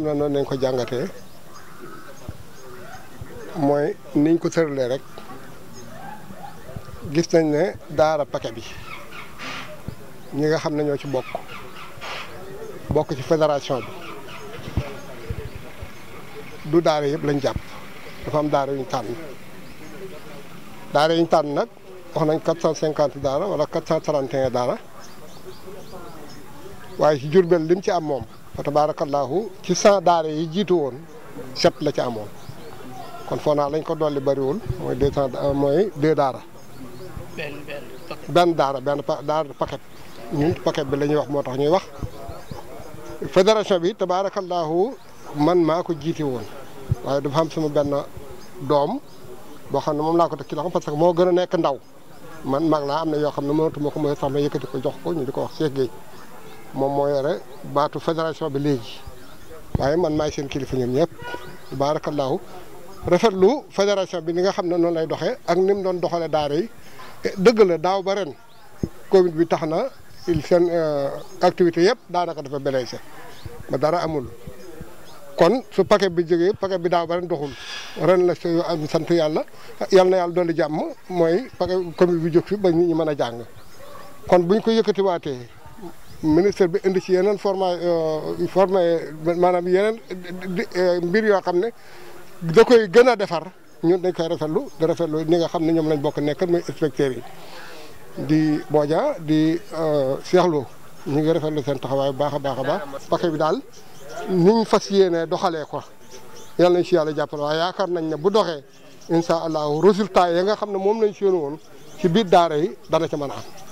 xam ne noonu nañ ko jàngatee mooy niñ ko tëralee rek gis nañ ne daara pake bi ñi nga xam ne ñoo ci bokk bokk ci fédération bi du daara yëpp lañ jàpp dafa am daara ñu tànn daara yuñ tànn nag wax nañ quatre cent cinquante daara wala quatre cent trente et un daara waaye ci Jurbel lim ci am moom fa tabaarakallaahu ci cent daara yi jiitu woon set la ci amoon kon foo naa lañ ko dolli bariwul mooy deux cent euh, mooy deux daara benn daara benn daara paquet ñun paquet bi la ñuy wax moo tax ñuy wax fédération bi tabaarakallaahu man maa ko jiite woon waaye dafa am sama benn doom boo xam ne moom laa ko teg ci loxo parce que moo gën a nekk ndaw man mag laa am na yoo xam ne mënatuma ko mooy tax ma yëkkati ko jox ko ñu di ko wax Cheikh Gueye moom moo yore baatu fédération bi léegi waaye man maay seen kilifa ñoom ñëpp baarakallaahu rafetlu fédération bi ni nga xam ne noonu lay doxee ak ni mu doon doxalee daara yi e, dëgg daaw ba ren Covid bi tax na seen euh, activité yëpp daanaka dafa beleese ba dara amul kon su paquet bi jegee paquet bi daaw ba ren doxul ren la soo am sant yàlla yal na yàlla dolli jàmm mooy paquet commune bi jóg fi ba ñu ñu mën a jàng kon bu ñu ko yëkkatiwaatee ministre bi indi ci yeneen forma euh, forma maanaam yeneen euh, mbir yoo xam ne da koy gën a defar ñun dañ koy rafetlu di rafetlu ñi nga xam ne ñoom lañ bokk nekk muy inspecteurs yi di Boja di euh, Cheikh Lo ñu ngi rafetlu seen taxawaay bu baax a baax a baax paquet bi daal. niñ fas yéenee doxalee ko yàlla nañ si yàlla jàppale waaye yaakaar nañ ne bu doxee incha allahu résultat ya nga xam ne moom lañ si yéen woon ci biir daara yi dana ca mën a am